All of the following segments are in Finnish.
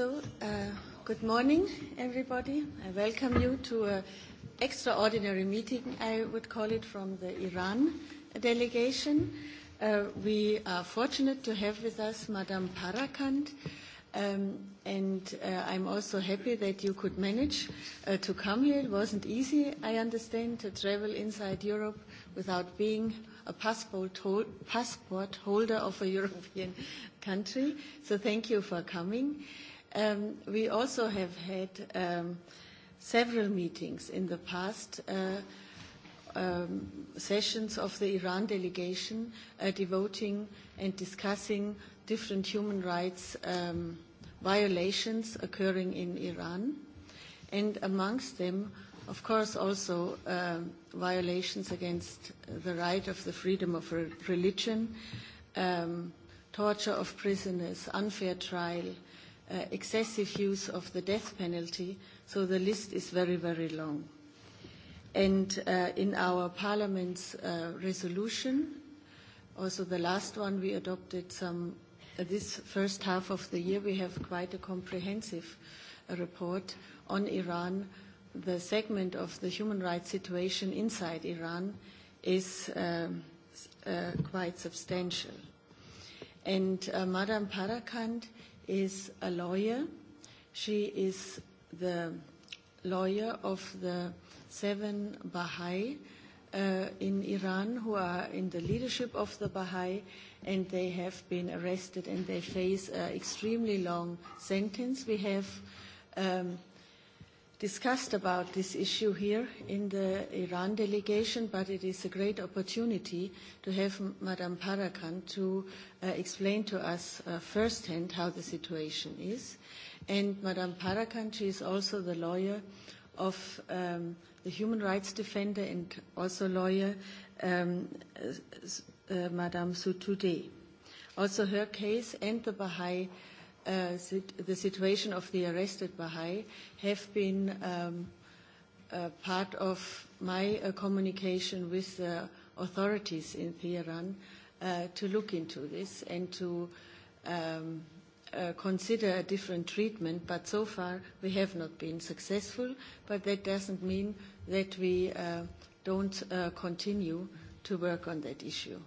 So, uh, good morning, everybody. I welcome you to an extraordinary meeting, I would call it, from the Iran delegation. Uh, we are fortunate to have with us Madame Parakand, um, and uh, I'm also happy that you could manage to come here. It wasn't easy, I understand, to travel inside Europe without being a passport, holder of a European country. So thank you for coming. Um, we also have had um, several meetings in the past, uh, um, sessions of the Iran delegation uh, devoting and discussing different human rights um, violations occurring in Iran, and amongst them, of course, also uh, violations against the right of the freedom of religion, um, torture of prisoners, unfair trial, uh, excessive use of the death penalty, so the list is very, very long. And uh, in our Parliament's uh, resolution, also the last one we adopted some, uh, this first half of the year, we have quite a comprehensive uh, report on Iran. The segment of the human rights situation inside Iran is uh, uh, quite substantial. And uh, Madame Parakand is a lawyer. She is the lawyer of the seven Baha'i uh, in Iran who are in the leadership of the Baha'i, and they have been arrested and they face an extremely long sentence. We have um, discussed about this issue here in the Iran delegation, but it is a great opportunity to have Madame Parakan to uh, explain to us uh, firsthand how the situation is. And Madame Parakan, she is also the lawyer of um, the human rights defender and also lawyer um, uh, Madame Also her case and the Baha'i Uh, the situation of the arrested Baha'i have been um, uh, part of my uh, communication with the authorities in Tehran uh, to look into this and to um, uh, consider a different treatment, but so far we have not been successful, but that doesn't mean that we uh, don't uh, continue to work on that issue.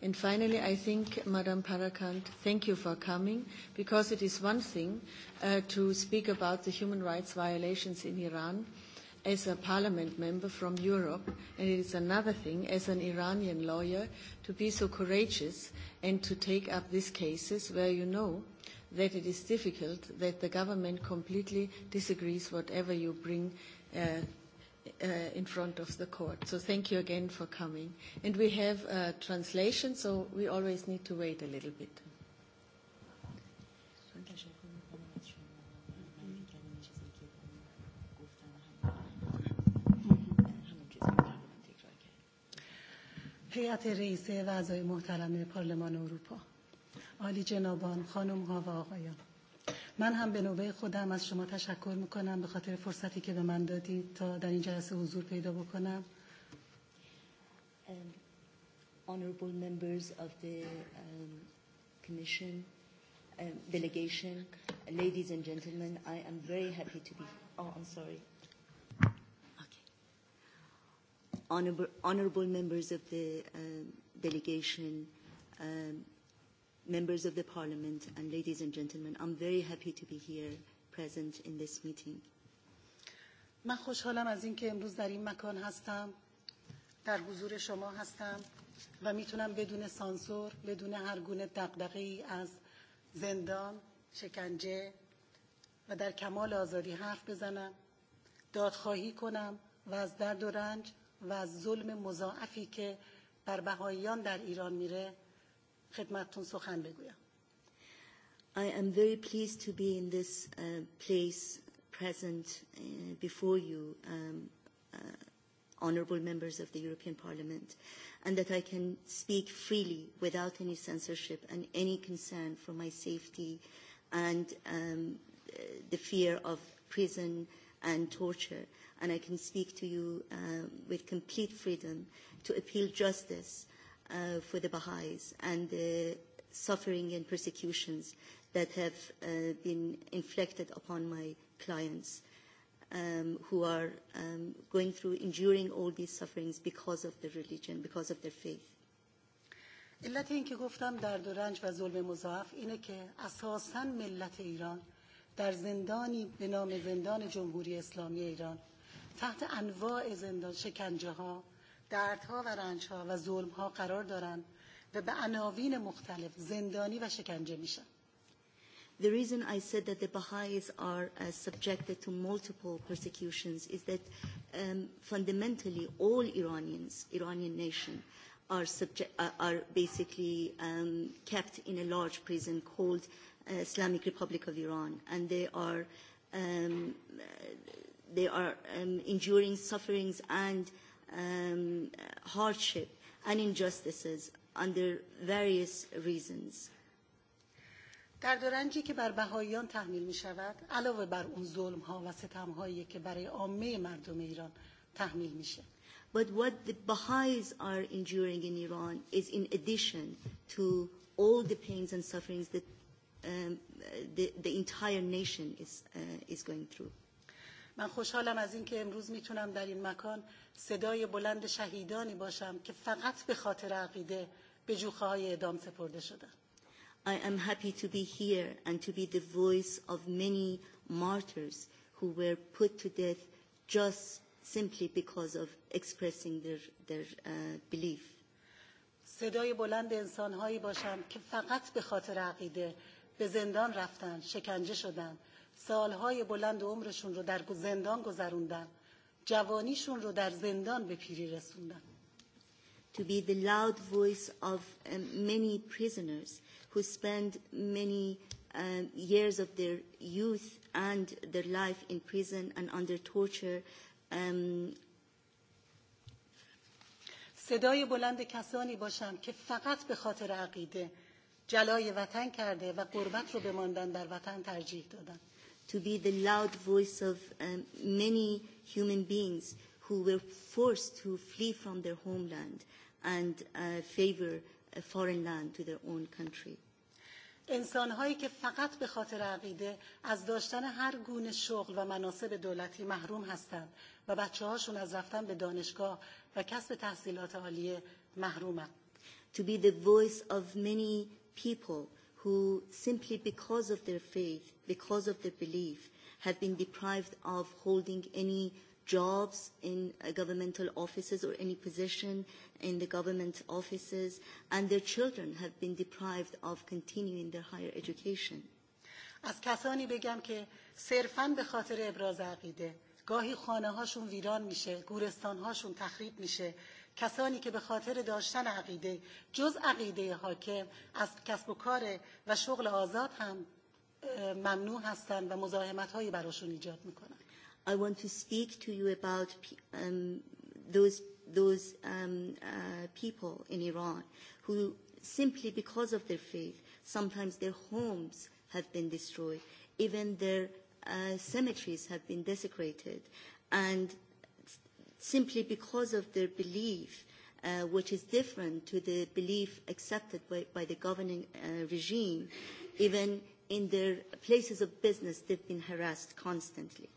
And finally, I think, Madam Parakant, thank you for coming, because it is one thing uh, to speak about the human rights violations in Iran as a parliament member from Europe, and it is another thing as an Iranian lawyer to be so courageous and to take up these cases where you know that it is difficult, that the government completely disagrees whatever you bring uh, uh, in front of the court. So thank you again for coming. And we have a translation, so we always need to wait a little bit. هیئت رئیسه و اعضای محترم پارلمان اروپا عالی جنابان خانم ها و آقایان من هم به نوبه خودم از شما تشکر میکنم به خاطر فرصتی که به من دادید تا در این جلسه حضور پیدا بکنم um, honorable members of the um, Commission, um, delegation, ladies and gentlemen, I am very happy to be. Oh, I'm sorry. Okay. Honorable, honorable members of the um, delegation, um, members of the parliament, and ladies and gentlemen, I'm very happy to be here present in this meeting. من خوشحالم از اینکه امروز در این مکان هستم در حضور شما هستم و میتونم بدون سانسور بدون هر گونه دغدغه‌ای از زندان شکنجه و در کمال آزادی حرف بزنم دادخواهی کنم و از درد و رنج و از ظلم مضاعفی که بر بهاییان در ایران میره خدمتتون سخن بگویم I am very pleased to be in this uh, place present uh, before you, um, uh, honourable members of the European Parliament, and that I can speak freely without any censorship and any concern for my safety and um, the fear of prison and torture. And I can speak to you uh, with complete freedom to appeal justice uh, for the Baha'is and the suffering and persecutions that have uh, been inflicted upon my clients um, who are um, going through enduring all these sufferings because of their religion, because of their faith. علت این که گفتم درد و رنج و ظلم مضاعف اینه که اساسا ملت ایران در زندانی به نام زندان جمهوری اسلامی ایران تحت انواع زندان شکنجه ها دردها و رنجها و ظلمها قرار دارند و به عناوین مختلف زندانی و شکنجه میشن The reason I said that the Baha'is are uh, subjected to multiple persecutions is that um, fundamentally all Iranians, Iranian nation, are, subject, uh, are basically um, kept in a large prison called uh, Islamic Republic of Iran, and they are um, uh, they are um, enduring sufferings and uh, um, hardship and injustices under various reasons. در رنجی که بر بهاییان تحمیل می شود علاوه بر اون ظلم ها و ستم هایی که برای عامه مردم ایران تحمیل میشه But what the Baha'is are enduring in Iran is in addition to all the pains and sufferings that um, the, the entire nation is, uh, is going through. من خوشحالم از اینکه امروز میتونم در این مکان صدای بلند شهیدانی باشم که فقط به خاطر عقیده به جوخه های اعدام سپرده شدن I am happy to be here and to be the voice of many martyrs who were put to death just simply because of expressing their, their uh, belief. صدای بلند انسان هایی باشم که فقط به خاطر عقیده به زندان رفتن، شکنجه شدند سالهای بلند عمرشون رو در زندان گذروندن جوانیشون رو در زندان به پیری رسوندن to be the loud voice of many prisoners who spend many um, years of their youth and their life in prison and under torture. Um, صدای بلند کسانی باشم که فقط به خاطر عقیده جلای وطن کرده و قربت رو به ماندن در وطن ترجیح دادن to be the loud voice of um, many human beings who were forced to flee from their homeland and uh, favor a foreign land to their own country. انسانهایی که فقط به خاطر عقیده از داشتن هر گونه شغل و مناسب دولتی محروم هستند و بچه هاشون از رفتن به دانشگاه و کسب تحصیلات عالیه محرومند. To be the voice of many people who simply because of their faith, because of their belief, have been deprived of holding any jobs in uh, governmental offices or any position in the government offices, and their children have been deprived of continuing their higher education. از کسانی بگم که صرفا به خاطر ابراز عقیده گاهی خانه هاشون ویران میشه گورستان هاشون تخریب میشه کسانی که به خاطر داشتن عقیده جز عقیده حاکم از کسب و کار و شغل آزاد هم ممنوع هستند و مزاحمت هایی براشون ایجاد میکنن I want to speak to you about um, those those um, uh, people in Iran who simply because of their faith, sometimes their homes have been destroyed, even their uh, cemeteries have been desecrated, and simply because of their belief, uh, which is different to the belief accepted by, by the governing uh, regime. Even in their places of business, they've been harassed constantly.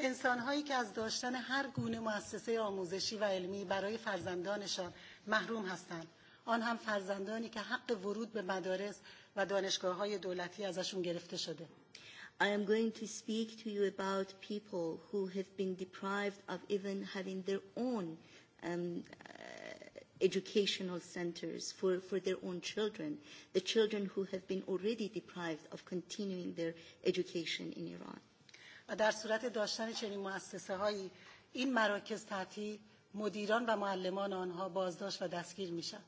انسان هایی که از داشتن هر گونه مؤسسه آموزشی و علمی برای فرزندانشان محروم هستند آن هم فرزندانی که حق ورود به مدارس و دانشگاه های دولتی ازشون گرفته شده I am going to speak to you about people who have been deprived of even having their own um, uh, educational centers for, for their own children, the children who have been already deprived of continuing their education in Iran. در صورت داشتن چنین مؤسسه هایی این مراکز تحتی مدیران و معلمان آنها بازداشت و دستگیر میشن.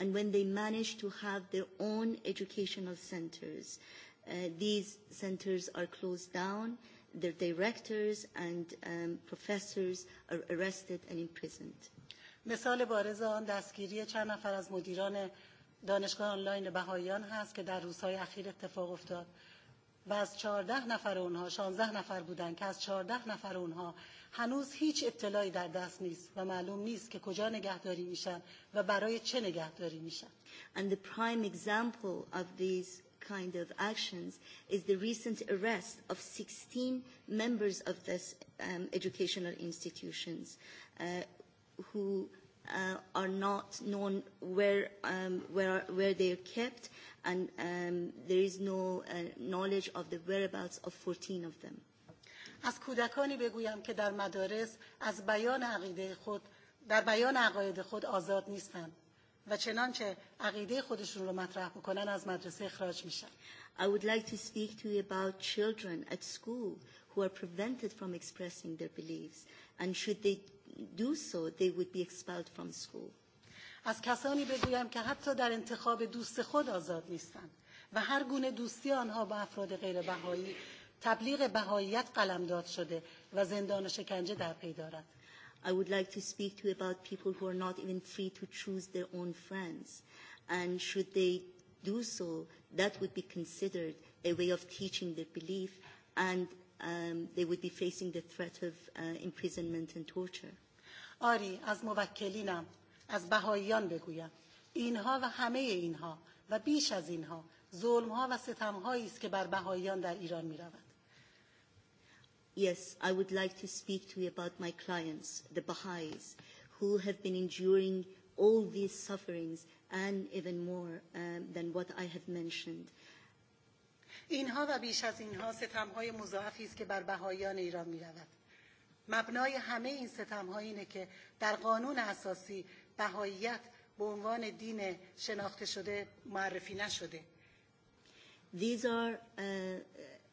And when they manage to have their own educational centers, uh, these centers are closed down, their directors and um, professors are arrested and imprisoned. مثال بارز آن دستگیری چند نفر از مدیران دانشگاه آنلاین بهاییان هست که در روزهای اخیر اتفاق افتاد و از 14 نفر اونها 16 نفر بودند که از 14 نفر اونها هنوز هیچ اطلاعی در دست نیست و معلوم نیست که کجا نگهداری میشن و برای چه نگهداری میشن and the prime example of these kind of actions is the recent arrest of 16 members of this um, educational institutions uh, who uh, are not known where, um, where, where they are kept and um, there is no uh, knowledge of the whereabouts of 14 of them. از کودکانی بگویم که در مدارس از بیان عقیده خود در بیان عقاید خود آزاد نیستند و چنانچه عقیده خودشون رو مطرح بکنن از مدرسه اخراج میشن I would like to speak to you about children at school who are prevented from expressing their beliefs and should they do so they would be expelled from school. از کسانی بگویم که حتی در انتخاب دوست خود آزاد نیستن و هر گونه دوستی آنها با افراد غیر بهایی تبلیغ بهاییت قلمداد شده و زندان و شکنجه در پی دارد. I would like to speak to about people who are not even free to choose their own friends. And should they do so, that would be considered a way of teaching their belief, and um, they would be facing the threat of uh, imprisonment and torture. آری از موکلینم از بهاییان بگویم اینها و همه اینها و بیش از اینها ظلمها و ستمهایی است که بر بهاییان در ایران میرود Yes, I would like to speak to you about my clients, the Baha'is, who have been enduring all these sufferings and even more um, than what I have mentioned. اینها و بیش از اینها ستمهای مضاعفی است که بر بهاییان ایران می رود. مبنای همه این ستمها اینه که در قانون اساسی بهاییت به عنوان دین شناخته شده معرفی نشده. These are uh,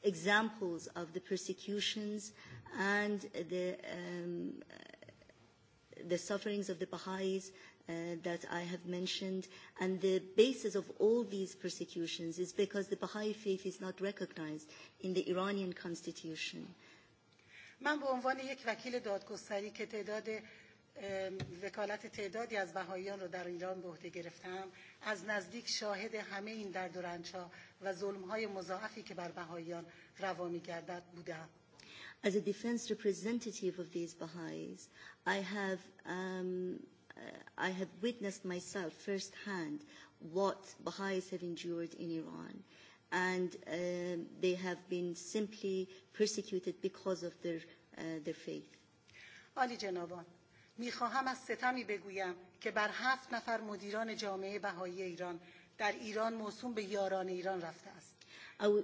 examples of the persecutions and the, um, the sufferings of the Baha'is uh, that I have mentioned. And the basis of all these persecutions is because the Baha'i faith is not recognized in the Iranian constitution. من به عنوان یک وکیل دادگستری که تعداد وکالت تعدادی از بهاییان رو در ایران به عهده گرفتم از نزدیک شاهد همه این درد و رنجها و ظلم های مضاعفی که بر بهاییان روا میگردد بودم As a defense representative of these Baha'is, I have, um, I have witnessed myself firsthand what Baha'is have endured in Iran and uh, they have been simply persecuted because of their, uh, their faith. Ali Janabon. میخواهم از ستمی بگویم که بر هفت نفر مدیران جامعه بهایی ایران در ایران موسوم به یاران ایران رفته است او...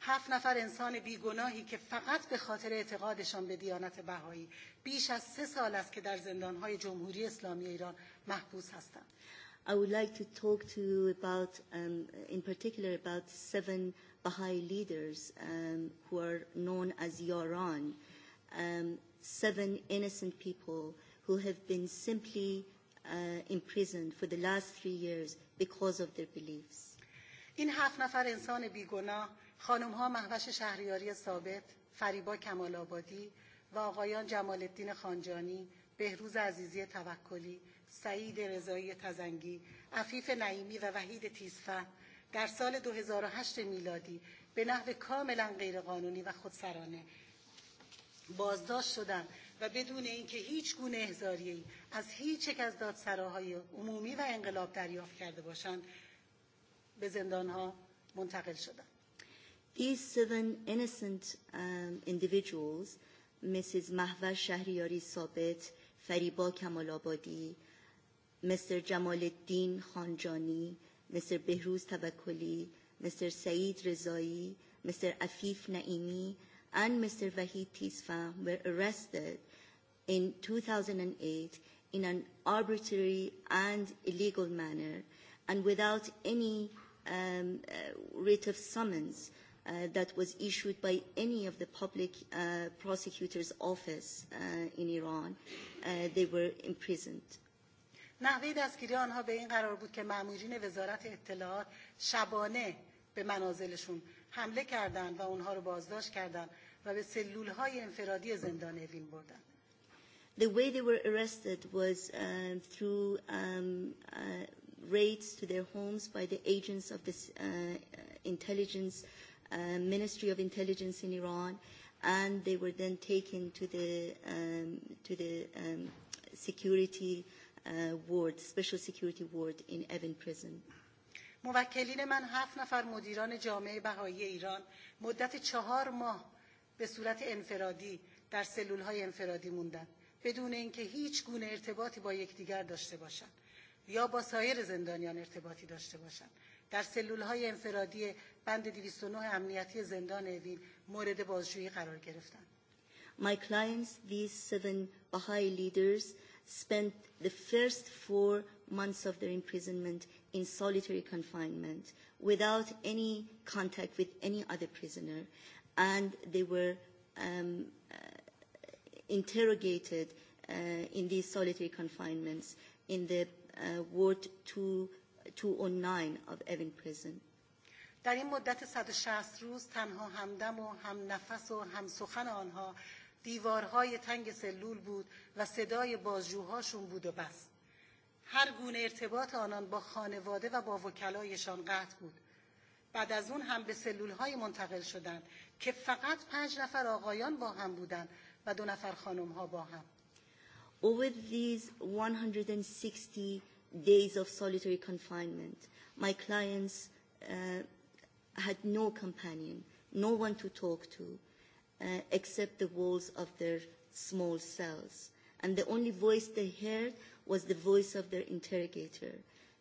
هفت نفر انسان بیگناهی که فقط به خاطر اعتقادشان به دیانت بهایی بیش از سه سال است که در زندانهای جمهوری اسلامی ایران محبوس هستند I would like to talk to you about, um, in particular, about seven Baha'i leaders um, who are known as Yaran. Um, seven innocent people who have been simply uh, imprisoned for the last three years because of their beliefs. این هفت نفر انسان بیگناه خانم ها محوش شهریاری ثابت فریبا کمال آبادی و آقایان جمال الدین خانجانی بهروز عزیزی توکلی سعید رضایی تزنگی عفیف نعیمی و وحید تیزفه در سال 2008 میلادی به نحو کاملا غیرقانونی و خودسرانه بازداشت شدن و بدون اینکه هیچ گونه احزاری از هیچ یک از دادسراهای عمومی و انقلاب دریافت کرده باشند به زندان ها منتقل شدند These seven innocent um, individuals, Mrs. Mahva Shahriyari Sabit, Fariba Kamalabadi, Mr. Jamaluddin Khanjani, Mr. Behruz Tabakkuli, Mr. Saeed Rezai, Mr. Afif Naimi, and Mr. Vahid Tisfam were arrested in 2008 in an arbitrary and illegal manner and without any um, uh, writ of summons uh, that was issued by any of the public uh, prosecutor's office uh, in Iran, uh, they were imprisoned. نحوه دستگیری آنها به این قرار بود که مامورین وزارت اطلاعات شبانه به منازلشون حمله کردند و اونها رو بازداشت کردند و به سلول های انفرادی زندان اوین بردند The way they were arrested was um, through um, uh, raids to their homes by the agents of the uh, uh, intelligence, uh, Ministry of Intelligence in Iran, and they were then taken to the um, to the um, security uh, ward, special security ward in Evin prison. موکلین من هفت نفر مدیران جامعه بهایی ایران مدت چهار ماه به صورت انفرادی در سلول های انفرادی موندن بدون اینکه هیچ گونه ارتباطی با یکدیگر داشته باشند یا با سایر زندانیان ارتباطی داشته باشند در سلول های انفرادی بند 209 امنیتی زندان اوین مورد بازجویی قرار گرفتند My clients, these seven Baha'i leaders, spent the first four months of their imprisonment in solitary confinement without any contact with any other prisoner, and they were um, uh, interrogated uh, in these solitary confinements in the uh, Ward 209 of Evin Prison. در این مدت 160 روز تنها همدم و هم نفس و هم سخن آنها دیوارهای تنگ سلول بود و صدای بازجوهاشون بود و بست. هر گونه ارتباط آنان با خانواده و با وکلایشان قطع بود بعد از اون هم به سلول های منتقل شدند که فقط پنج نفر آقایان با هم بودند و دو نفر خانم ها با هم Over these 160 days of solitary confinement, my clients uh, had no companion, no one to talk to, uh, except the walls of their small cells. And the only voice they heard was the voice of their interrogator.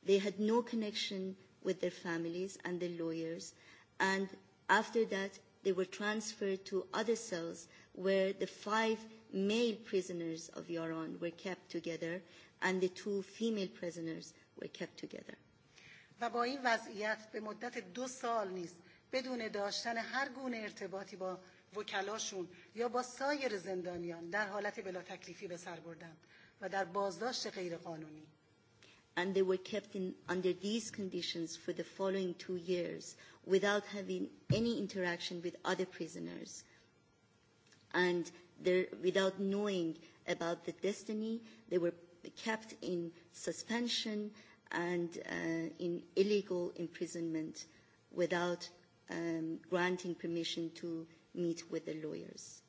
They had no connection with their families and their lawyers, and after that, they were transferred to other cells where the five male prisoners of Yaron were kept together and the two female prisoners were kept together. و با این وضعیت به مدت دو سال نیز بدون داشتن هر گونه ارتباطی با وکلاشون یا با سایر زندانیان در حالت بلا تکلیفی به سر بردند. و در بازداشت غیرقانونی and they were kept in, under these conditions for the following two years without having any interaction with other prisoners and without knowing about the destiny. They were kept in suspension and uh, in illegal imprisonment without um, granting permission to meet with the lawyers.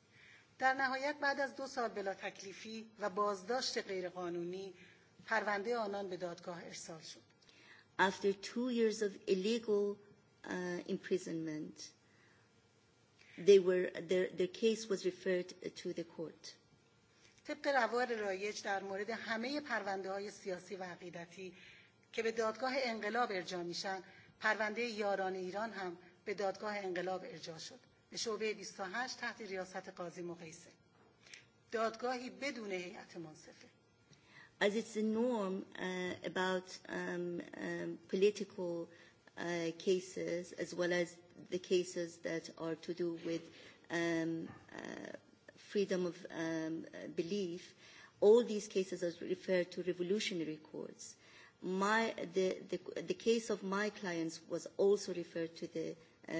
در نهایت بعد از دو سال بلا تکلیفی و بازداشت غیرقانونی پرونده آنان به دادگاه ارسال شد. After two years of illegal uh, imprisonment, they were, their, their case was referred to the court. طبق روار رایج در مورد همه پرونده های سیاسی و عقیدتی که به دادگاه انقلاب ارجا میشن پرونده یاران ایران هم به دادگاه انقلاب ارجا شد به شعبه 28 تحت ریاست قاضی مقیسه دادگاهی بدون هیئت منصفه As it's the norm uh, about um, um, political uh, cases as well as the cases that are to do with um, uh, freedom of um, uh, belief, all these cases are referred to revolutionary courts. My, the, the, the case of my clients was also referred to the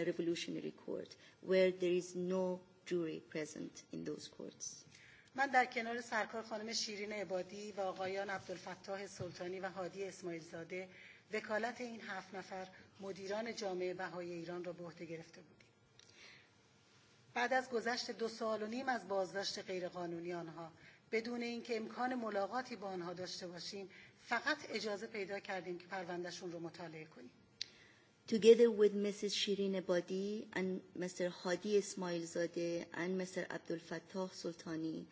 revolutionary court, where there is no jury present in those courts. من در کنار سرکار خانم شیرین عبادی و آقایان عبدالفتاح سلطانی و هادی اسماعیل زاده وکالت این هفت نفر مدیران جامعه بهای ایران را به عهده گرفته بودیم. بعد از گذشت دو سال و نیم از بازداشت غیرقانونی آنها بدون اینکه امکان ملاقاتی با آنها داشته باشیم فقط اجازه پیدا کردیم که پروندهشون رو مطالعه کنیم together with Mrs. Shirin Ebadi and Mr. Hadi Ismailzadeh and Mr. Abdul Fattah Sultani,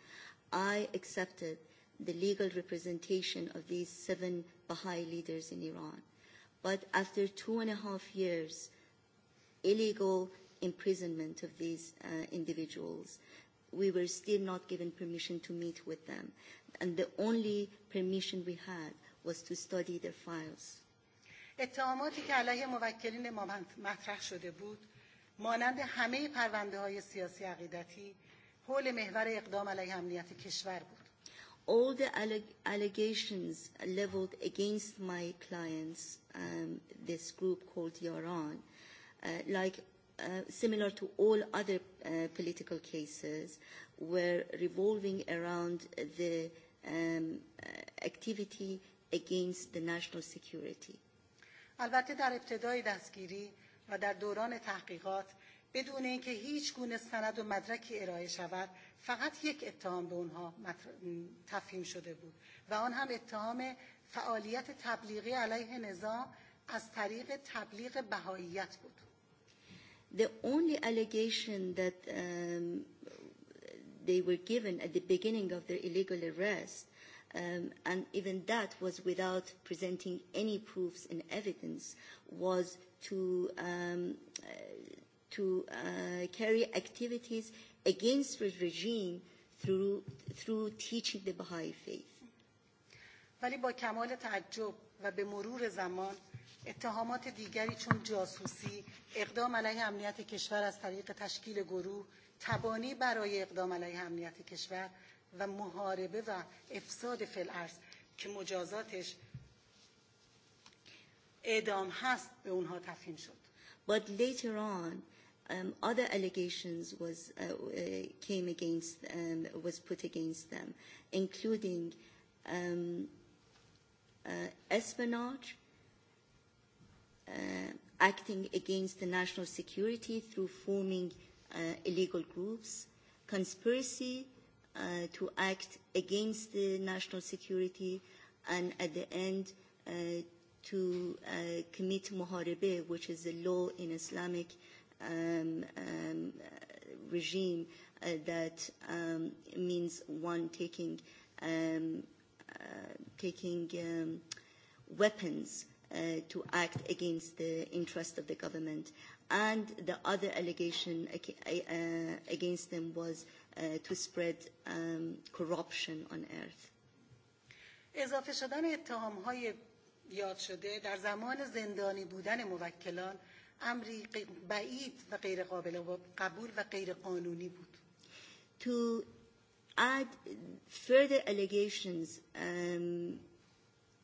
I accepted the legal representation of these seven Baha'i leaders in Iran. But after two and a half years, illegal imprisonment of these uh, individuals, we were still not given permission to meet with them. And the only permission we had was to study their files اتهاماتی که علیه موکلین ما مطرح شده بود مانند همه پرونده های سیاسی عقیدتی حول محور اقدام علیه امنیت کشور بود all the allegations leveled against my clients, um, this group called Yaran, uh, like uh, similar to all other uh, political cases, were revolving around the um, uh, activity against the national security البته در ابتدای دستگیری و در دوران تحقیقات بدون اینکه هیچ گونه سند و مدرکی ارائه شود فقط یک اتهام به اونها تفهیم شده بود و آن هم اتهام فعالیت تبلیغی علیه نظام از طریق تبلیغ بهاییت بود The only allegation that um, they were given at the beginning of their illegal arrest um, and even that was without presenting any proofs and evidence, was to, um, uh, to uh, carry activities against the regime through, through teaching the Baha'i faith. ولی با کمال تعجب و به مرور زمان اتهامات دیگری چون جاسوسی اقدام علیه امنیت کشور از طریق تشکیل گروه تبانی برای اقدام علیه امنیت کشور و محاربه و افساد فلعرز که مجازاتش اعدام هست به اونها تفهیم شد But later on, um, other allegations was uh, uh, came against um, was put against them, including um, uh, espionage, uh, acting against the national security through forming uh, illegal groups, conspiracy uh, to act against the national security and at the end uh, to uh, commit muharibe, which is a law in Islamic um, um, regime uh, that um, means one taking um, uh, taking um, weapons uh, to act against the interest of the government. And the other allegation uh, against them was Uh, to spread um, corruption on earth. اضافه شدن اتهام های یاد شده در زمان زندانی بودن موکلان امری بعید و غیر قابل قبول و غیر قانونی بود. To add further allegations um,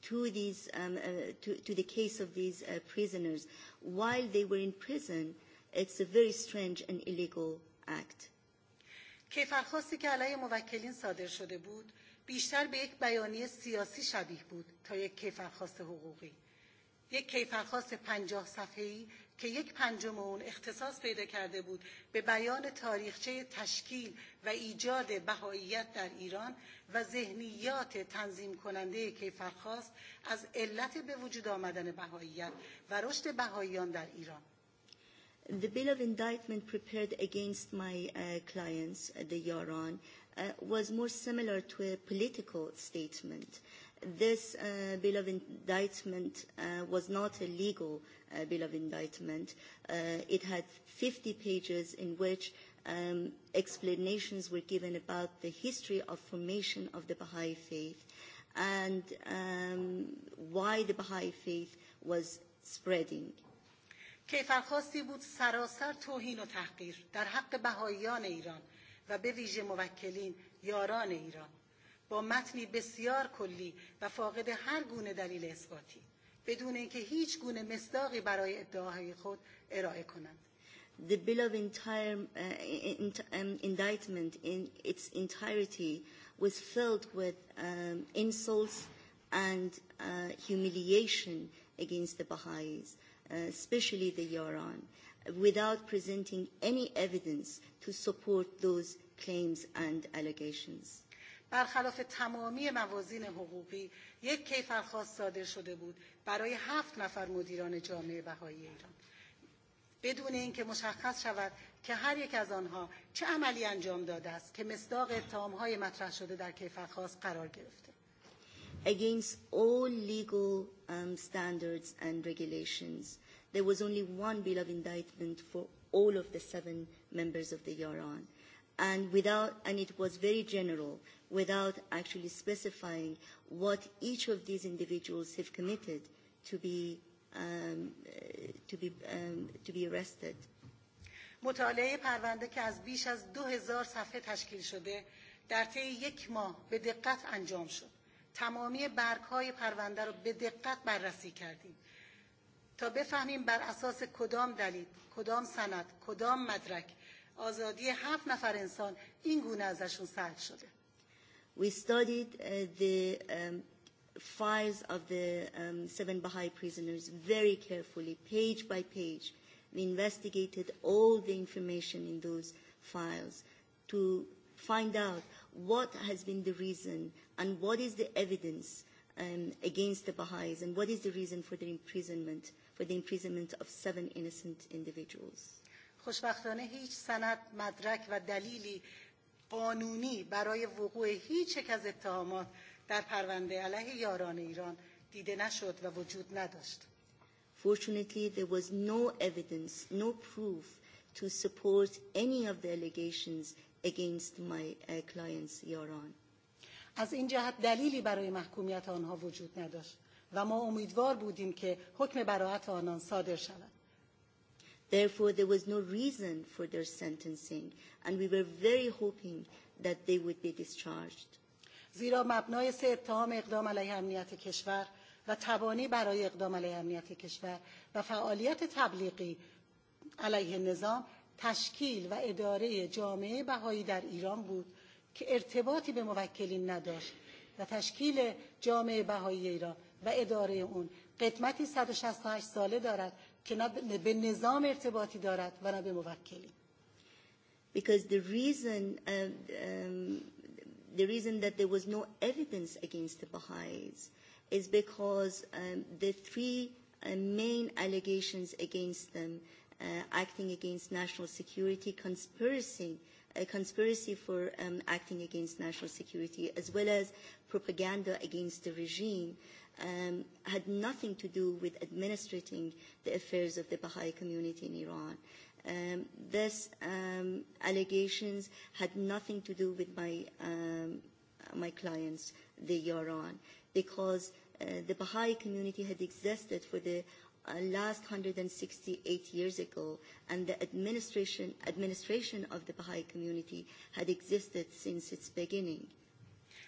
to these um, uh, to, to the case of these uh, prisoners while they were in prison, it's a very strange and illegal act. کیفرخواستی که علیه موکلین صادر شده بود بیشتر به یک بیانیه سیاسی شبیه بود تا یک کیفرخواست حقوقی یک کیفرخواست پنجاه صفحه‌ای که یک پنجم اون اختصاص پیدا کرده بود به بیان تاریخچه تشکیل و ایجاد بهاییت در ایران و ذهنیات تنظیم کننده کیفرخواست از علت به وجود آمدن بهاییت و رشد بهاییان در ایران The bill of indictment prepared against my uh, clients, uh, the Yaran, uh, was more similar to a political statement. This uh, bill of indictment uh, was not a legal uh, bill of indictment. Uh, it had 50 pages in which um, explanations were given about the history of formation of the Baha'i faith and um, why the Baha'i faith was spreading کیفرخواستی بود سراسر توهین و تحقیر در حق بهاییان ایران و به ویژه موکلین یاران ایران با متنی بسیار کلی و فاقد هر گونه دلیل اثباتی بدون اینکه هیچ گونه مصداقی برای ادعاهای خود ارائه کنند The bill of entire, uh, in, um, indictment in its entirety was filled with um, insults and uh, humiliation against the Baha'is especially the Yaran, without presenting any evidence to support those claims and allegations. برخلاف تمامی موازین حقوقی یک کیفرخواست صادر شده بود برای هفت نفر مدیران جامعه بهایی ایران بدون اینکه مشخص شود که هر یک از آنها چه عملی انجام داده است که مصداق اتهامهای مطرح شده در کیفرخواست قرار گرفته against all legal um, standards and regulations there was only one bill of indictment for all of the seven members of the Yaran. And, without, and it was very general, without actually specifying what each of these individuals have committed to be, um, uh, to be, um, to be arrested. مطالعه پرونده که از بیش از دو هزار صفحه تشکیل شده در طی یک ماه به دقت انجام شد. تمامی برگ های پرونده را به دقت بررسی کردیم. تا بفهمیم بر اساس کدام دلیل کدام سند کدام مدرک آزادی هفت نفر انسان این گونه ازشون سلب شده We studied uh, the um, files of the um, seven Baha'i prisoners very carefully, page by page. We investigated all the information in those files to find out what has been the reason and what is the evidence um, against the Baha'is and what is the reason for their imprisonment. Uh, for the imprisonment of seven innocent individuals. خوشبختانه هیچ سند مدرک و دلیلی قانونی برای وقوع هیچ یک از اتهامات در پرونده علیه یاران ایران دیده نشد و وجود نداشت. Fortunately, there was no evidence, no proof to support any of the allegations against my uh, clients, Yaran. از این جهت دلیلی برای محکومیت آنها وجود نداشت. و ما امیدوار بودیم که حکم براعت آنان صادر شود Therefore, there was no reason for their sentencing, and we were very hoping that they would be discharged. زیرا مبنای سه اتهام اقدام علیه امنیت کشور و توانی برای اقدام علیه امنیت کشور و فعالیت تبلیغی علیه نظام تشکیل و اداره جامعه بهایی در ایران بود که ارتباطی به موکلین نداشت و تشکیل جامعه بهایی ایران و اداره اون قدمتی 168 ساله دارد که نه به نظام ارتباطی دارد و نه به موکلی because the reason uh, um, the reason that there was no evidence against the Baha'is is because um, the three uh, main allegations against them uh, acting against national security, conspiracy, a uh, conspiracy for um, acting against national security, as well as propaganda against the regime, um, had nothing to do with administrating the affairs of the Baha'i community in Iran. Um, this um, allegations had nothing to do with my, um, my clients, the Yaran, because uh, the Baha'i community had existed for the last 168 years ago, and the administration, administration of the Baha'i community had existed since its beginning.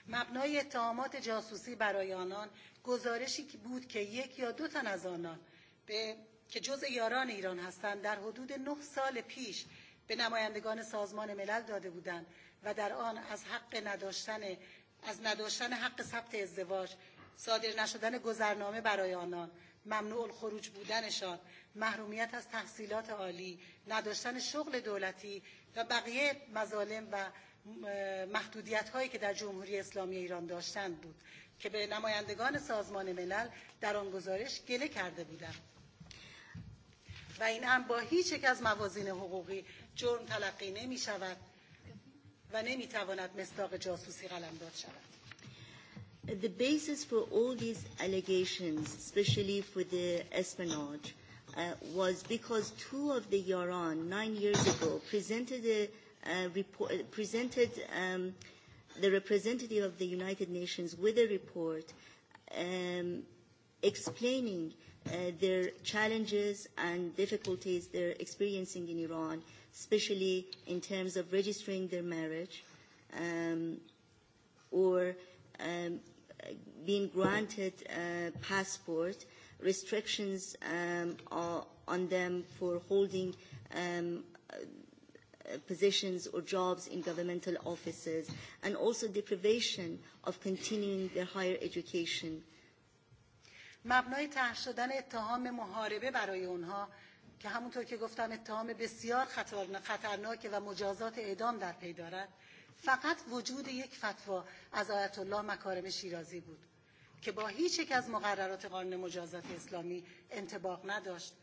مبنای اتهامات جاسوسی برای آنان گزارشی که بود که یک یا دو تن از آنان به که جز یاران ایران هستند در حدود نه سال پیش به نمایندگان سازمان ملل داده بودند و در آن از حق نداشتن از نداشتن حق ثبت ازدواج صادر نشدن گذرنامه برای آنان ممنوع الخروج بودنشان محرومیت از تحصیلات عالی نداشتن شغل دولتی و بقیه مظالم و محدودیت هایی که در جمهوری اسلامی ایران داشتند بود که به نمایندگان سازمان ملل در آن گزارش گله کرده بودند و این هم با هیچ یک از موازین حقوقی جرم تلقی نمی شود و نمی تواند مصداق جاسوسی قلمداد شود the basis for all these allegations, especially for the espionage, uh, was because two of the Yaran nine years ago presented a uh, report, presented um, the representative of the United Nations with a report um, explaining uh, their challenges and difficulties they're experiencing in Iran, especially in terms of registering their marriage um, or um, been granted a passport, restrictions um, are on them for holding um, uh, positions or jobs in governmental offices, and also deprivation of continuing their higher education. مبنای طرح شدن اتهام محاربه برای اونها که همونطور که گفتم اتهام بسیار خطرناکه و مجازات اعدام در پی دارد فقط وجود یک فتوا از آیت الله مکارم شیرازی بود که با هیچ یک از مقررات قانون مجازات اسلامی انتباق نداشت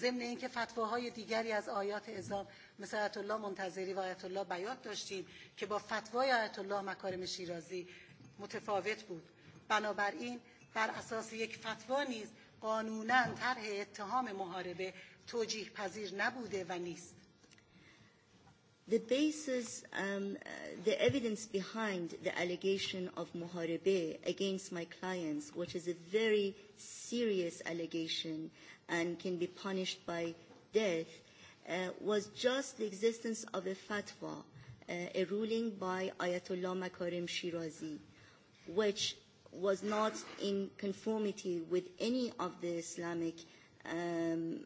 ضمن اینکه فتواهای دیگری از آیات اعظام مثل آیت الله منتظری و آیت الله بیات داشتیم که با فتوای آیت الله مکارم شیرازی متفاوت بود بنابراین بر اساس یک فتوا نیز قانونا طرح اتهام محاربه توجیه پذیر نبوده و نیست the basis, um, uh, the evidence behind the allegation of Muharebe against my clients, which is a very serious allegation and can be punished by death, uh, was just the existence of a fatwa, uh, a ruling by Ayatollah Makarim Shirazi, which was not in conformity with any of the Islamic um,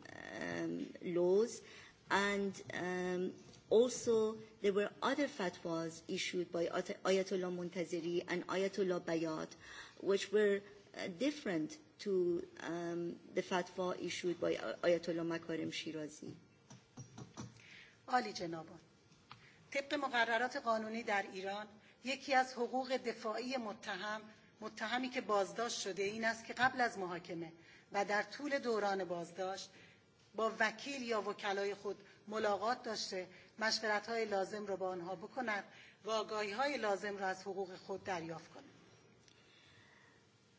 um, laws and um, Also, there were other fatwas issued by Ayatollah Muntaziri and Ayatollah Bayat, which were uh, different to um, the fatwa issued by Ayatollah Makarim Shirazi. عالی جنابان طبق مقررات قانونی در ایران یکی از حقوق دفاعی متهم متهمی که بازداشت شده این است که قبل از محاکمه و در طول دوران بازداشت با وکیل یا وکلای خود ملاقات داشته مشورت های لازم رو با آنها بکند و آگاهی های لازم را از حقوق خود دریافت کند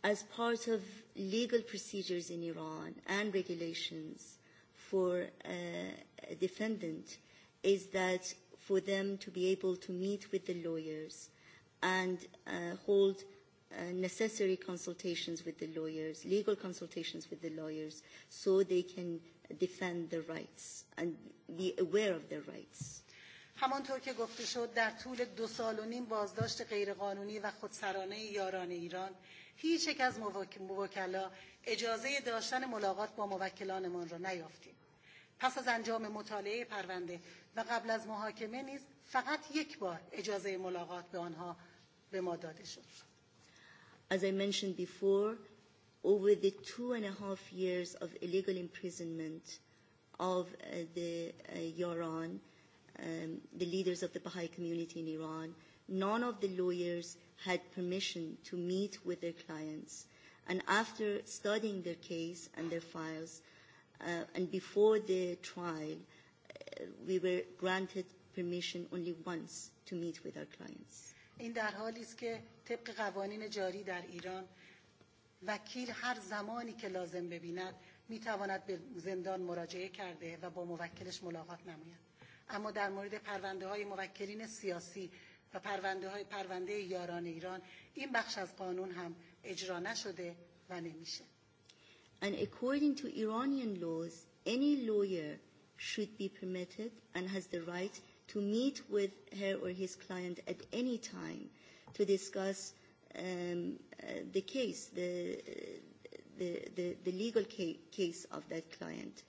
As part of legal procedures in Iran and regulations for uh, a defendant is that for them to be able to meet with the lawyers and uh, hold uh, necessary consultations with the lawyers, legal consultations with the lawyers, so they can defend their rights and be aware of their rights. همانطور که گفته شد در طول دو سال و نیم بازداشت غیرقانونی و خودسرانه یاران ایران هیچ یک از موکلا اجازه داشتن ملاقات با موکلانمان را نیافتیم پس از انجام مطالعه پرونده و قبل از محاکمه نیز فقط یک بار اجازه ملاقات به آنها به ما داده شد As I mentioned before, over the two and a half years of illegal imprisonment of uh, the uh, Yaran, um, the leaders of the Baha'i community in Iran, none of the lawyers had permission to meet with their clients. And after studying their case and their files, uh, and before the trial, uh, we were granted permission only once to meet with our clients. این در حالی است که طبق قوانین جاری در ایران وکیل هر زمانی که لازم ببیند میتواند به زندان مراجعه کرده و با موکلش ملاقات نماید اما در مورد پرونده های موکلین سیاسی و پرونده, های پرونده یاران ایران این بخش از قانون هم اجرا نشده و نمیشه And according to Iranian laws, any lawyer should be permitted and has the right to meet with her or his client at any time to discuss um, uh, the case, the, the, the, the legal ca- case of that client.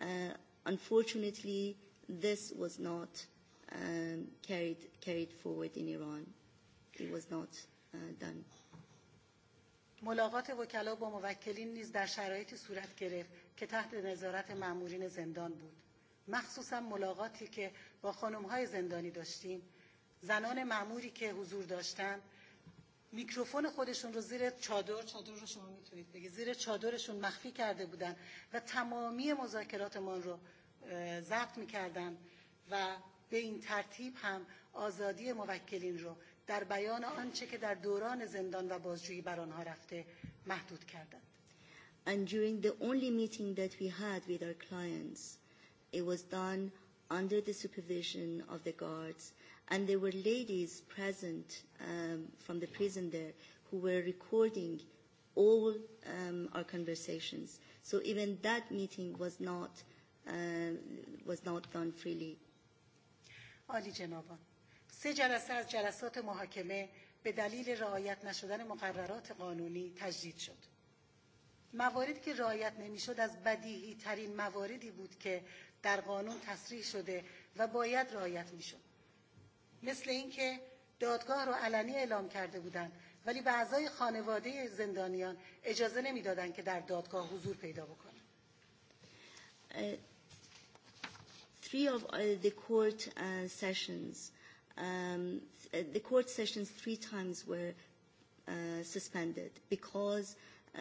Uh, unfortunately, this was not um, carried, carried forward in Iran. It was not uh, done. ملاقات وکلا با موکلین نیز در شرایطی صورت گرفت که تحت نظارت مامورین زندان بود مخصوصا ملاقاتی که با خانمهای زندانی داشتیم زنان معموری که حضور داشتند میکروفون خودشون رو زیر چادر چادر رو شما میتونید بگید زیر چادرشون مخفی کرده بودن و تمامی مذاکرات ما رو ضبط میکردن و به این ترتیب هم آزادی موکلین رو در بیان آنچه که در دوران زندان و بازجویی بر آنها رفته محدود کردند And during the only meeting that we had with our clients, it was done under the supervision of the guards and there were ladies present um, from the prison there who were recording all um, our conversations. So even that meeting was not uh, was not done freely. عالی جنابان سه جلسه از جلسات محاکمه به دلیل رعایت نشدن مقررات قانونی تجدید شد مواردی که رعایت نمیشد از بدیهی ترین مواردی بود که در قانون تصریح شده و باید رعایت میشد مثل اینکه دادگاه رو علنی اعلام کرده بودن ولی به اعضای خانواده زندانیان اجازه نمیدادن که در دادگاه حضور پیدا بکنن three of the court uh, sessions, um, the court sessions three times were uh, suspended because uh, Uh,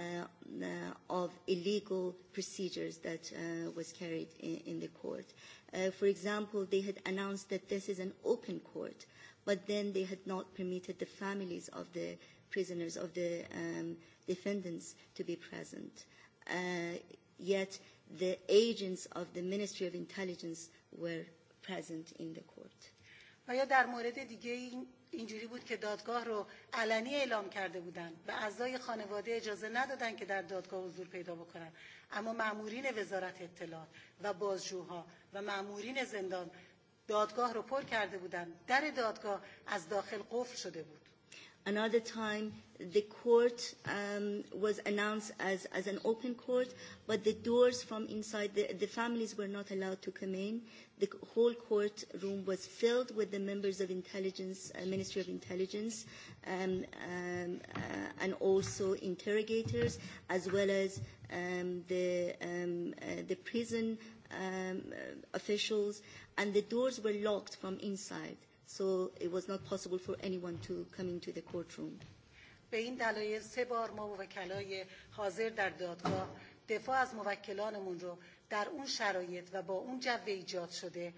uh, of illegal procedures that uh, was carried in, in the court. Uh, for example, they had announced that this is an open court, but then they had not permitted the families of the prisoners, of the um, defendants to be present. Uh, yet the agents of the Ministry of Intelligence were present in the court. آیا در مورد دیگه اینجوری بود که دادگاه رو علنی اعلام کرده بودن به اعضای خانواده اجازه ندادن که در دادگاه حضور پیدا بکنن اما مامورین وزارت اطلاعات و بازجوها و مامورین زندان دادگاه رو پر کرده بودن در دادگاه از داخل قفل شده بود Another time, the court um, was announced as, as an open court, but the doors from inside, the, the families were not allowed to come in. The whole court room was filled with the members of intelligence, uh, Ministry of Intelligence, um, um, uh, and also interrogators, as well as um, the, um, uh, the prison um, uh, officials, and the doors were locked from inside so it was not possible for anyone to come into the courtroom. به این دلایل سه بار ما وکلای حاضر در دادگاه دفاع از موکلانمون رو در اون شرایط و با اون جو ایجاد شده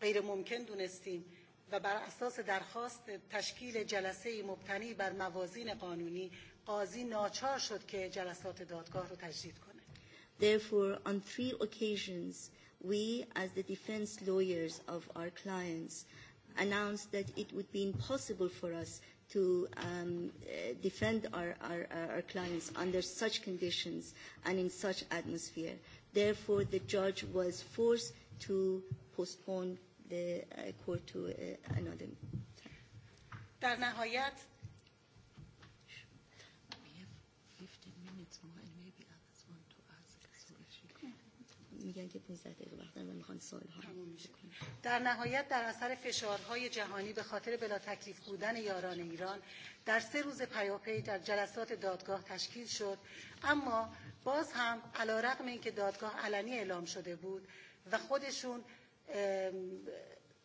غیر ممکن دونستیم و بر اساس درخواست تشکیل جلسه مبتنی بر موازین قانونی قاضی ناچار شد که جلسات دادگاه رو تجدید کنه Therefore, on three occasions, we, as the defense lawyers of our clients, announced that it would be impossible for us to um, uh, defend our, our, our clients under such conditions and in such atmosphere. Therefore, the judge was forced to postpone the uh, court to uh, another time. در نهایت میگن که 15 دقیقه وقت دارن و میخوان سالها در نهایت در اثر فشارهای جهانی به خاطر بلا تکلیف بودن یاران ایران در سه روز پیاپی در جلسات دادگاه تشکیل شد اما باز هم علی رغم اینکه دادگاه علنی اعلام شده بود و خودشون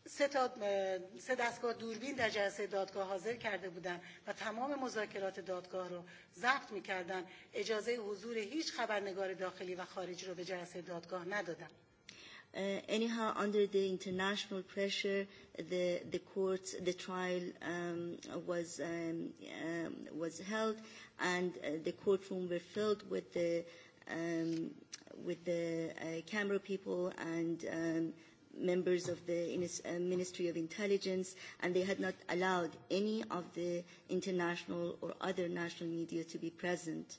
سه, تا سه دستگاه دوربین در جلسه دادگاه حاضر کرده بودند و تمام مذاکرات دادگاه رو ضبط میکردند اجازه حضور هیچ خبرنگار داخلی و خارجی رو به جلسه دادگاه ندادن Uh, anyhow, under the international pressure, the the court, the trial um, was um, um, was held, and uh, the courtroom were filled with the um, with the uh, camera people and um, members of the Ministry of Intelligence, and they had not allowed any of the international or other national media to be present.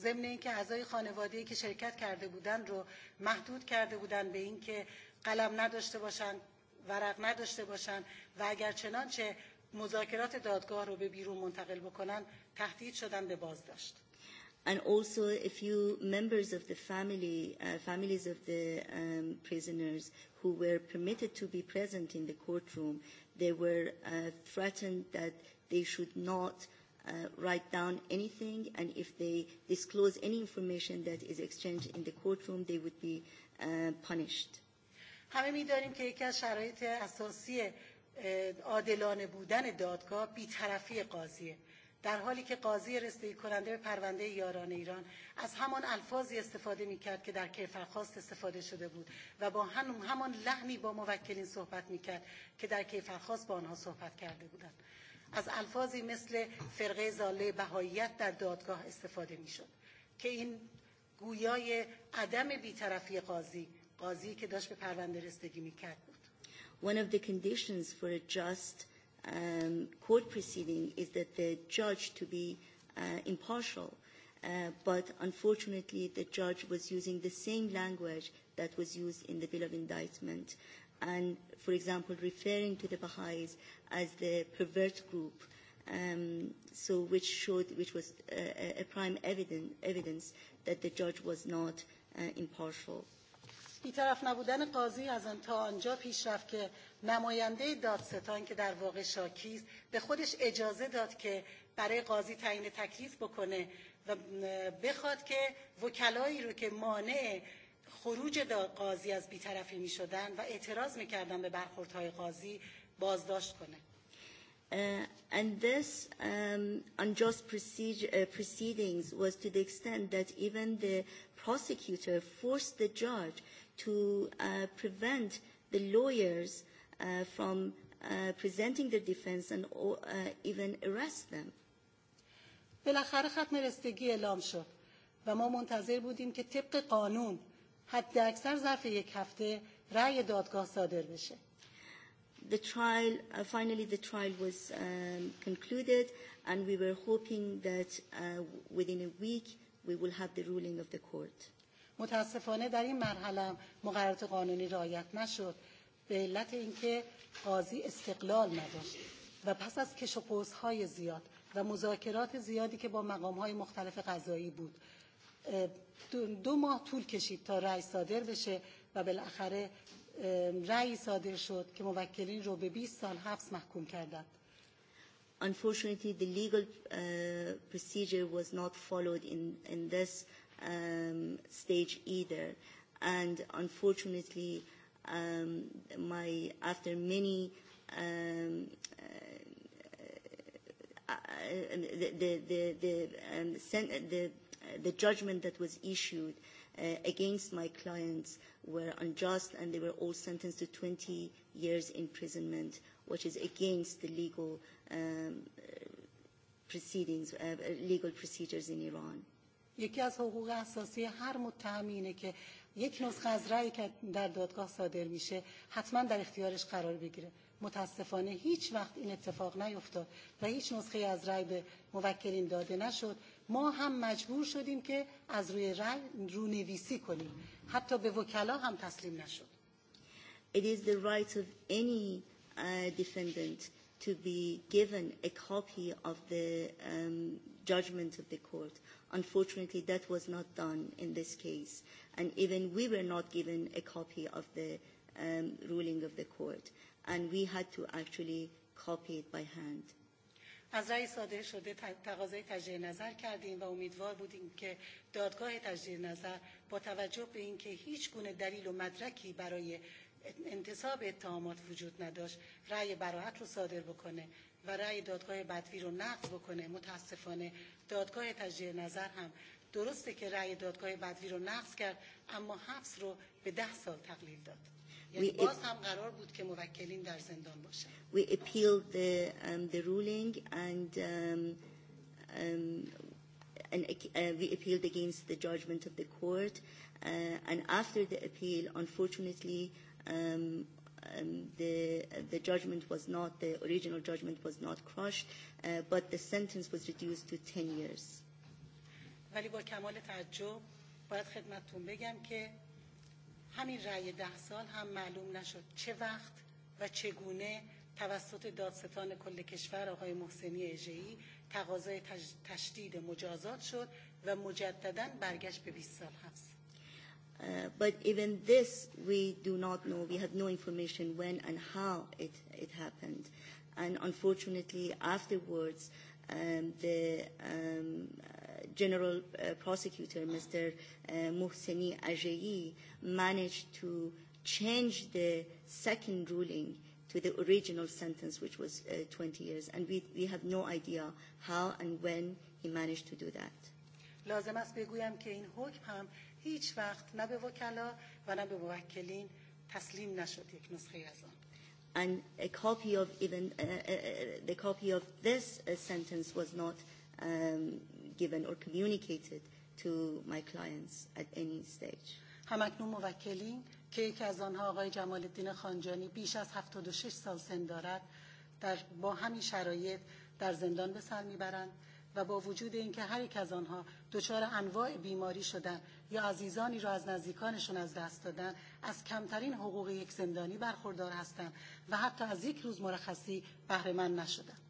ضمن اینکه اعضای خانواده‌ای که شرکت کرده بودند رو محدود کرده بودند به اینکه قلم نداشته باشند ورق نداشته باشند و اگر چنانچه مذاکرات دادگاه رو به بیرون منتقل بکنن تهدید شدن به بازداشت and also a few members of the family, uh, families of the um, prisoners who were permitted to be present in the courtroom, they were uh, threatened that they should not uh, write down anything, and if they disclose any information that is exchanged in the courtroom, they would be uh, punished. همه میدانیم که یکی از شرایط اساسی عادلانه بودن دادگاه بیطرفی قاضیه در حالی که قاضی رسیدگی کننده به پرونده یاران ایران از همان الفاظی استفاده می کرد که در کیفرخواست استفاده شده بود و با هم همان لحنی با موکلین صحبت می کرد که در کیفرخواست با آنها صحبت کرده بودند از الفاظی مثل فرقه زاله بهاییت در دادگاه استفاده می شد که این گویای عدم بیطرفی قاضی قاضی که داشت به پرونده رسیدگی می کرد بود One of the conditions for a just um, court proceeding is that the judge to be uh, impartial. Uh, but unfortunately, the judge was using the same language that was used in the Bill of Indictment. And, for example, referring to the Baha'is as the pervert group, um, so which showed, which was uh, a prime evidence, evidence that the judge was not uh, impartial. بیطرف نبودن قاضی از تا آنجا پیش رفت که نماینده دادستان که در واقع شاکی است به خودش اجازه داد که برای قاضی تعیین تکلیف بکنه و بخواد که وکلایی رو که مانع خروج قاضی از بیطرفی می شدن و اعتراض می کردن به برخوردهای قاضی بازداشت کنه Uh, and this um, unjust procedure, uh, proceedings was to the extent that even the prosecutor forced the judge uh, to uh, prevent the lawyers uh, from uh, presenting their defense and uh, even arrest them. بالاخره ختم رسیدگی اعلام شد و ما منتظر بودیم که طبق قانون حد اکثر ظرف یک هفته رأی دادگاه صادر بشه. The trial, uh, finally the trial was um, concluded and we were hoping that uh, within a week we will have the ruling of the court. متاسفانه در این مرحله مقررات قانونی رعایت نشد به علت اینکه قاضی استقلال نداشت و پس از کش و های زیاد و مذاکرات زیادی که با مقام های مختلف قضایی بود دو ماه طول کشید تا رأی صادر بشه و بالاخره رأی صادر شد که موکلین رو به 20 سال حبس محکوم کردند Unfortunately, the legal uh, procedure was not followed in, in this um, stage either. And unfortunately, um, my after many um, uh, uh, the the the the, um, sen- the the judgment that was issued uh, against my clients were unjust, and they were all sentenced to 20 years imprisonment, which is against the legal um, uh, proceedings, uh, legal procedures in Iran. یکی از حقوق اساسی هر متهم اینه که یک نسخه از رأی که در دادگاه صادر میشه حتما در اختیارش قرار بگیره متاسفانه هیچ وقت این اتفاق نیفتاد و هیچ نسخه از رأی به موکلین داده نشد ما هم مجبور شدیم که از روی رأی رونویسی کنیم حتی به وکلا هم تسلیم نشد It is the right of any uh, defendant to be given a copy of the um, judgment of the court. Unfortunately, that was not done in this case, and even we were not given a copy of the um, ruling of the court, and we had to actually copy it by hand. از رأی صادر شده تقاضای تجدید نظر کردیم و امیدوار بودیم که دادگاه تجدید نظر با توجه به اینکه هیچ گونه دلیل و مدرکی برای انتصاب اتهامات وجود نداشت رأی براحت رو صادر بکنه برای دادگاه بدوی رو نقد بکنه متاسفانه دادگاه تجدید نظر هم درسته که رأی دادگاه بدوی رو نقض کرد اما حبس رو به ده سال تقلیل داد یعنی باز هم قرار بود که موکلین در زندان باشن We appealed the, um, the ruling and um, um, and uh, we appealed against the judgment of the court uh, and after the appeal unfortunately um, the, the judgment was not, the original judgment was not crushed, uh, but the sentence was reduced to 10 years. ولی با کمال تعجب باید خدمتتون بگم که همین رأی ده سال هم معلوم نشد چه وقت و چگونه توسط دادستان کل کشور آقای محسنی اژه‌ای تقاضای تشدید مجازات شد و مجددا برگشت به 20 سال حبس Uh, but even this, we do not know. We have no information when and how it, it happened. And unfortunately, afterwards, um, the um, uh, general uh, prosecutor, Mr. Uh, Mohseni Ajayi, managed to change the second ruling to the original sentence, which was uh, 20 years. And we, we have no idea how and when he managed to do that. لازم است بگویم که این حکم هم هیچ وقت نه به وکلا و نه به موکلین تسلیم نشد یک نسخه از آن and a copy of even uh, uh, the copy of this uh, sentence was not um, given or communicated to my clients at any stage. همکنون موکلین که یکی از آنها آقای جمال الدین خانجانی بیش از 76 سال سن دارد در با همین شرایط در زندان به سر میبرند و با وجود اینکه هر یک از آنها دچار انواع بیماری شدند یا عزیزانی را از نزدیکانشان از دست دادند از کمترین حقوق یک زندانی برخوردار هستند و حتی از یک روز مرخصی بهره مند نشدند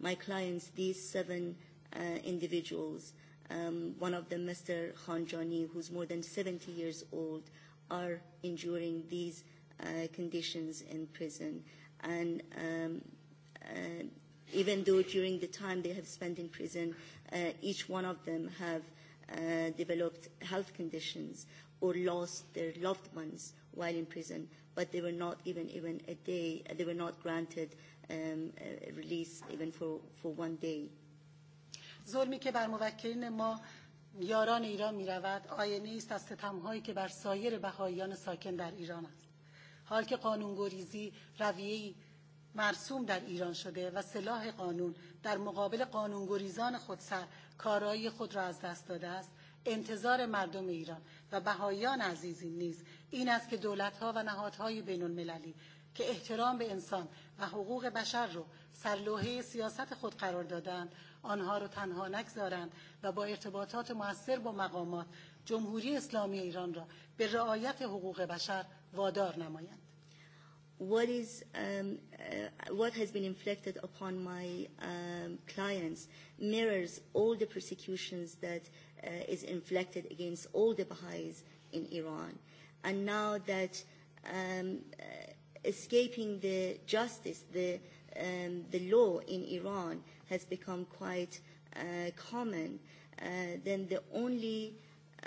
My clients, these seven uh, individuals, um, one of them, Mr. Khanjani, who's more than 70 years old, are enduring these uh, conditions in prison. And um, uh, even though during the time they have spent in prison, uh, each one of them have uh, developed health conditions or lost their loved ones while in prison, but they were not even even a day, uh, they were not granted um, a release even for, for one day. ظلمی که بر موکلین ما یاران ایران می رود آینه است از ستمهایی که بر سایر بهاییان ساکن در ایران است. حال که گریزی رویه‌ای مرسوم در ایران شده و سلاح قانون در مقابل قانونگریزان سر کارایی خود را از دست داده است انتظار مردم ایران و بهایان عزیزی نیز این است که دولتها و نهادهای بین المللی که احترام به انسان و حقوق بشر رو سرلوحه سیاست خود قرار دادند آنها را تنها نگذارند و با ارتباطات موثر با مقامات جمهوری اسلامی ایران را به رعایت حقوق بشر وادار نمایند what is um, uh, what has been inflicted upon my um, clients mirrors all the persecutions that uh, is inflicted against all the Baha'is in Iran. And now that um, uh, escaping the justice, the um, the law in Iran has become quite uh, common, uh, then the only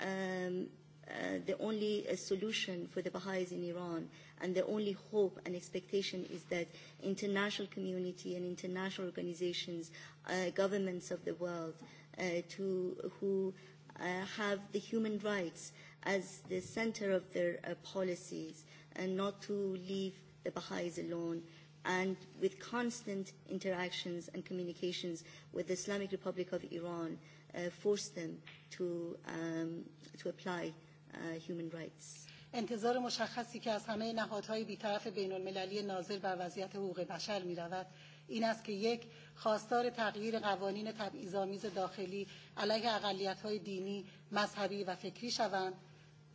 um, uh, the only uh, solution for the Baha'is in Iran And the only hope and expectation is that international community and international organizations, uh, governments of the world, uh, to, who uh, have the human rights as the center of their uh, policies and not to leave the Baha'is alone and with constant interactions and communications with the Islamic Republic of Iran, uh, force them to, um, to apply uh, human rights. انتظار مشخصی که از همه نهادهای بیطرف بین المللی ناظر بر وضعیت حقوق بشر می رود این است که یک خواستار تغییر قوانین تبعیض‌آمیز داخلی علیه اقلیت‌های دینی، مذهبی و فکری شوند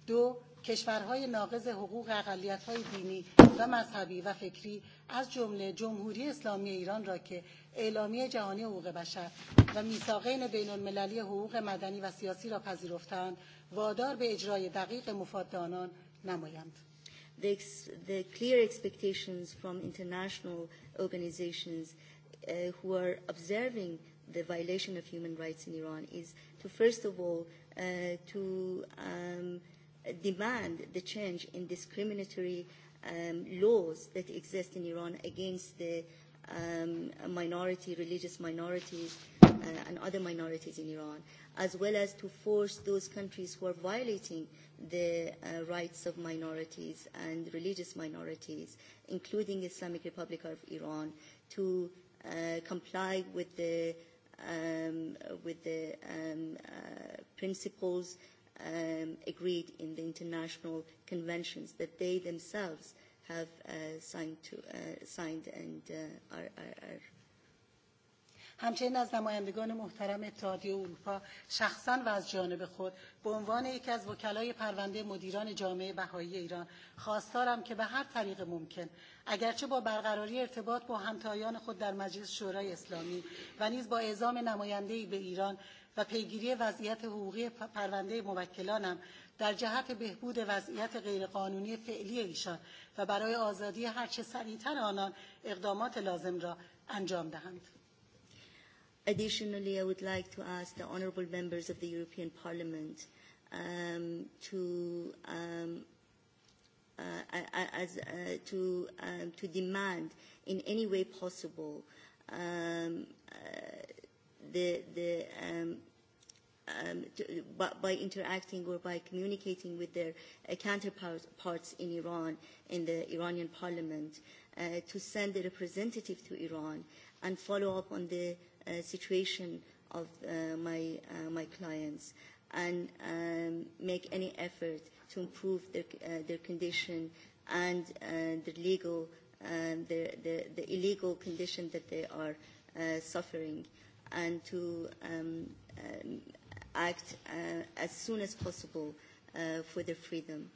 دو کشورهای ناقض حقوق اقلیت‌های دینی و مذهبی و فکری از جمله جمهوری اسلامی ایران را که اعلامیه جهانی حقوق بشر و میثاقین بین‌المللی حقوق مدنی و سیاسی را پذیرفتند وادار به اجرای دقیق مفاد آنان Mamoyan. The, ex- the clear expectations from international organizations uh, who are observing the violation of human rights in Iran is to first of all uh, to um, demand the change in discriminatory um, laws that exist in Iran against the um, minority, religious minorities, uh, and other minorities in Iran, as well as to force those countries who are violating the uh, rights of minorities and religious minorities, including Islamic Republic of Iran, to uh, comply with the um, with the um, uh, principles um, agreed in the international conventions that they themselves have uh, signed to uh, signed and uh, are, are, are همچنین از نمایندگان محترم اتحادیه اروپا شخصا و از جانب خود به عنوان یکی از وکلای پرونده مدیران جامعه بهایی ایران خواستارم که به هر طریق ممکن اگرچه با برقراری ارتباط با همتایان خود در مجلس شورای اسلامی و نیز با اعزام نمایندهای به ایران و پیگیری وضعیت حقوقی پرونده موکلانم در جهت بهبود وضعیت غیرقانونی فعلی ایشان و برای آزادی هرچه سریعتر آنان اقدامات لازم را انجام دهند Additionally, I would like to ask the honourable members of the European Parliament um, to um, uh, as, uh, to um, to demand in any way possible um, uh, the the um, um, to, by, by interacting or by communicating with their uh, counterparts in Iran in the Iranian Parliament uh, to send a representative to Iran and follow up on the Uh, situation of uh, my, uh, my clients and um, make any effort to improve their, uh, their condition and uh, their legal, um, the, the, the illegal condition that they are uh, suffering and to um, um, act uh, as soon as possible uh, for their freedom.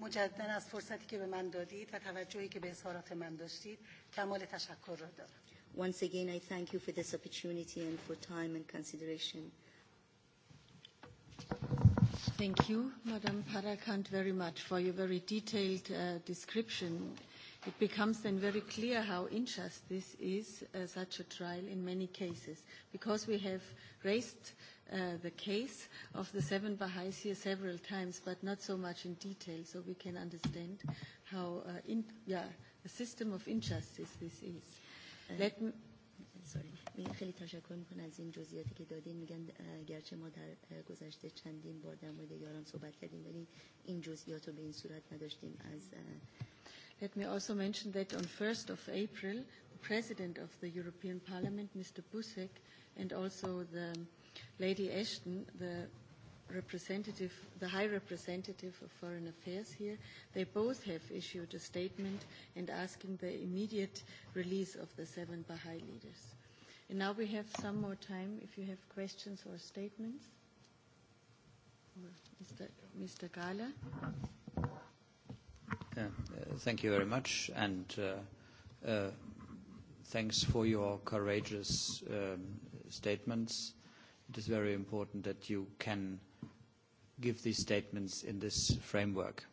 مجددا از فرصتی که به من دادید و توجهی که به اظهارات من داشتید کمال تشکر را دارم. Once again, I thank you for this opportunity and for time and consideration. Thank you, Madam Parakant, very much for your very detailed uh, description. It becomes then very clear how unjust this is, uh, such a trial in many cases, because we have raised uh, the case of the seven Baha'is here several times, but not so much in detail, so we can understand how uh, in, yeah, a system of injustice this is let sorry ببین خیلی تشکر میکنم از این جزئیاتی که دادین میگن گرچه ما در گذشته چندین بار در مورد یاران صحبت کردیم ولی این جزئیات رو به این صورت نداشتیم از Let me also mention that on 1st of April, the President of the European Parliament, Mr. Busek, and also the Lady Ashton, the representative, the High Representative of Foreign Affairs here. They both have issued a statement and asking the immediate release of the seven Baha'i leaders. And now we have some more time if you have questions or statements. Mr. Mr. Gala. Uh, uh, thank you very much, and uh, uh, thanks for your courageous um, statements. It is very important that you can give these statements in this framework.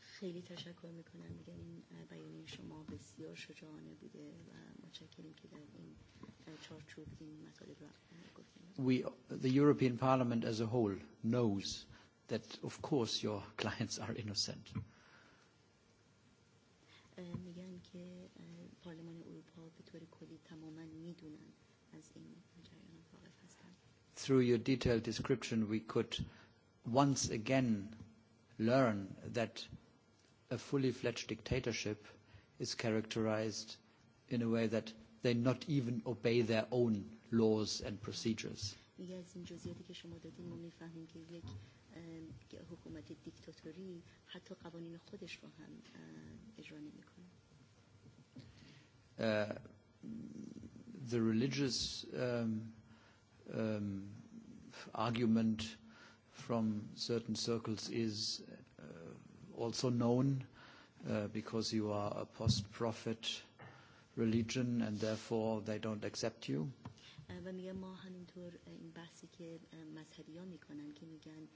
خیلی تشکر میکنم میگم این بیانیه شما بسیار شجاعانه بوده و که در این چارچوب این مطالب را We, the European Parliament as a whole, knows that of course your clients are innocent. میگن که پارلمان اروپا به طور کلی تماما میدونن از این جریان واقف هستن. Through your detailed description we could once again learn that a fully fledged dictatorship is characterized in a way that they not even obey their own laws and procedures. Uh, The religious um, um, argument from certain circles is uh, also known uh, because you are a post-prophet religion and therefore they don't accept you. Uh, و ما همینطور این بحثی که میکنن که میگن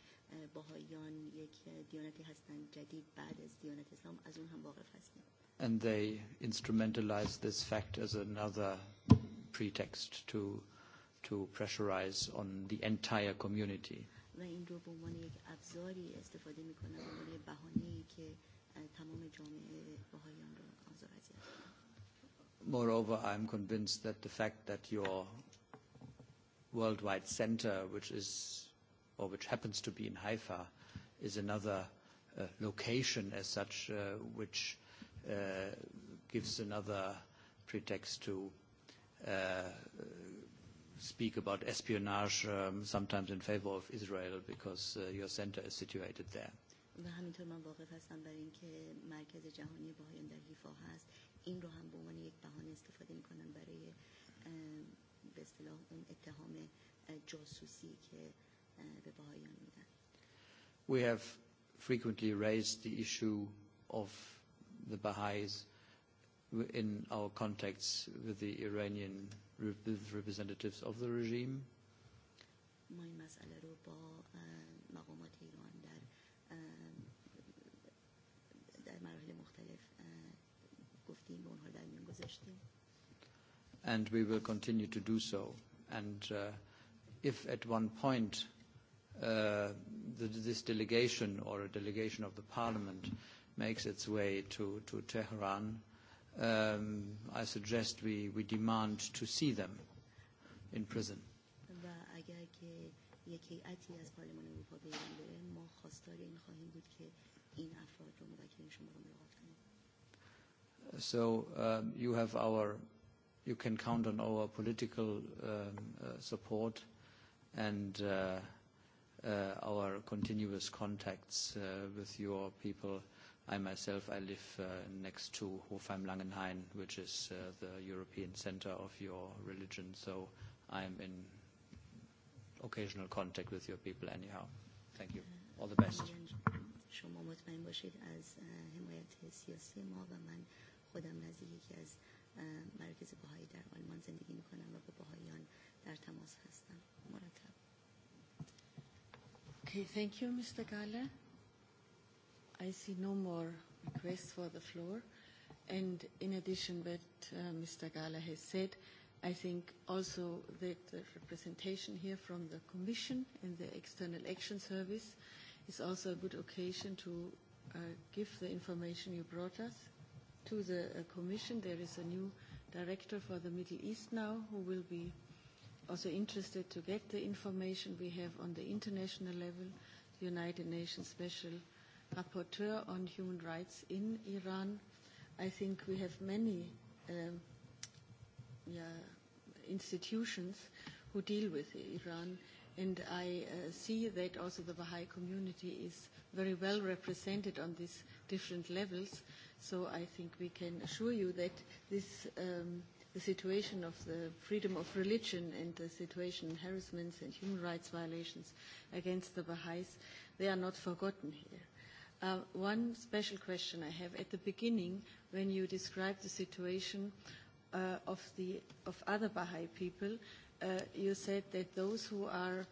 باهایان یک دیانتی هستن جدید بعد از دیانت اسلام از اون هم واقف هستیم and they instrumentalize this fact as another pretext to to pressurize on the entire community. و این رو به عنوان یک ابزاری استفاده میکنن به عنوان بهانه ای که تمام جامعه باهایان رو آزار اذیت Moreover, I'm convinced that the fact that your worldwide center, which is or which happens to be in Haifa, is another uh, location as such, uh, which uh, gives another pretext to uh, speak about espionage um, sometimes in favor of Israel because uh, your center is situated there. و همینطور من واقف هستم برای اینکه مرکز جهانی باهایان در حیفا هست این رو هم به عنوان یک بهانه استفاده میکنم برای به اصطلاح اون اتهام جاسوسی که به باهایان میدن We have frequently raised the issue of the Baha'is in our contacts with the Iranian with representatives of the regime? and we will continue to do so and uh, if at one point uh, the, this delegation or a delegation of the parliament makes its way to, to Tehran, uh, um, I suggest we, we demand to see them in prison. So uh, you have our, you can count on our political um, uh, support and uh, uh, our continuous contacts uh, with your people I myself, I live uh, next to Hofheim Langenhain, which is uh, the European center of your religion, so I'm in occasional contact with your people anyhow. Thank you. All the best. شما مطمئن باشید از حمایت سیاسی ما و من خودم نزدیک یکی از مراکز باهایی در آلمان زندگی میکنم و با باهاییان در تماس هستم مرتب. Okay, thank you, Mr. Galle. I see no more requests for the floor. And in addition what uh, Mr. Gala has said, I think also that the representation here from the Commission and the External Action Service is also a good occasion to uh, give the information you brought us to the uh, Commission. There is a new director for the Middle East now who will be also interested to get the information we have on the international level, the United Nations Special rapporteur on human rights in Iran. I think we have many um, yeah, institutions who deal with Iran, and I uh, see that also the Baha'i community is very well represented on these different levels. So I think we can assure you that this, um, the situation of the freedom of religion and the situation harassments and human rights violations against the Baha'is, they are not forgotten here. Uh, one special question I have. At the beginning, when you described the situation uh, of, the, of other Baha'i people, uh, you said that those who are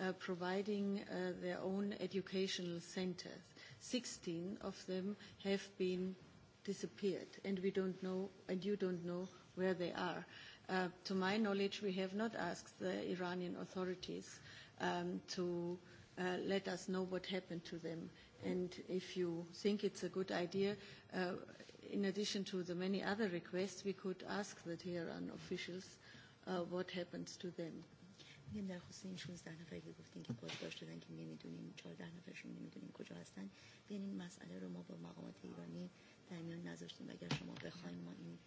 uh, providing uh, their own educational centers, 16 of them have been disappeared, and we don't know, and you don't know where they are. Uh, to my knowledge, we have not asked the Iranian authorities um, to uh, let us know what happened to them. And if you think it's a good idea, uh, in addition to the many other requests, we could ask the Tehran officials uh, what happens to them. میگم در خصوص این 16 نفری که گفتین که بازداشت شدن که نمیدونیم 14 نفرشون نمیدونیم کجا هستن بیان این مسئله رو ما با مقامات ایرانی در میان نذاشتیم و اگر شما بخواین ما این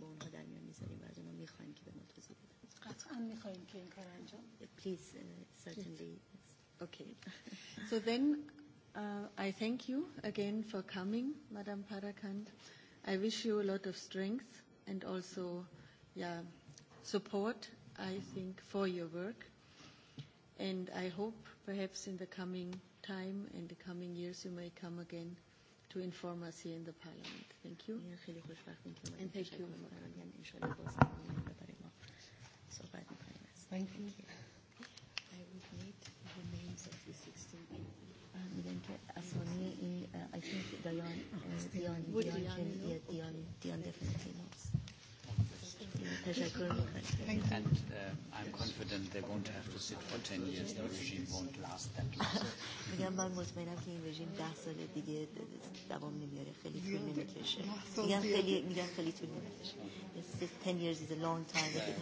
با اونها در میان میذاریم و از اونها میخوایم که به ما توضیح بدن قطعا میخوایم که این کار انجام پلیز uh, اوکی سو دن Uh, I thank you again for coming, Madam Parakand. I wish you a lot of strength and also yeah, support, I think, for your work. And I hope perhaps in the coming time and the coming years you may come again to inform us here in the Parliament. Thank you. And thank you. Thank you. As for me, I think Dion, uh, Dion, Dion, Dion, Dion, definitely knows. And uh, I'm confident they won't have to sit for 10 years. The regime won't last that long. میگم من مطمئنم که این رژیم 10 سال دیگه دوام نمیاره خیلی طول نمیکشه میگم خیلی میگم خیلی طول نمیکشه 10 years is a long time